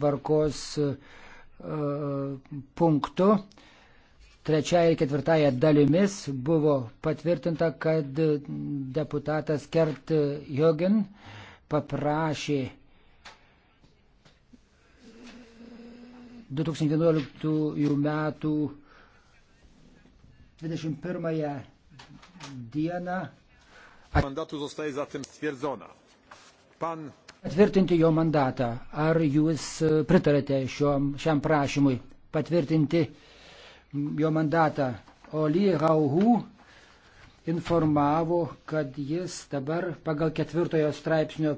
varkos e, e, punktu. Trečiaja ir ketvirtaja dalimis buvo patvirtinta, kad deputatas Kert Jogen paprašė 2011 metų 21 dieną. Mandatu zostaje zatem stwierdzona. Pan patvirtinti jo mandatą. Ar jūs e, pritarate šiom, šiam prašymui patvirtinti jo mandatą? Oli Rauhu informavo, kad jis dabar pagal ketvirtojo straipsnio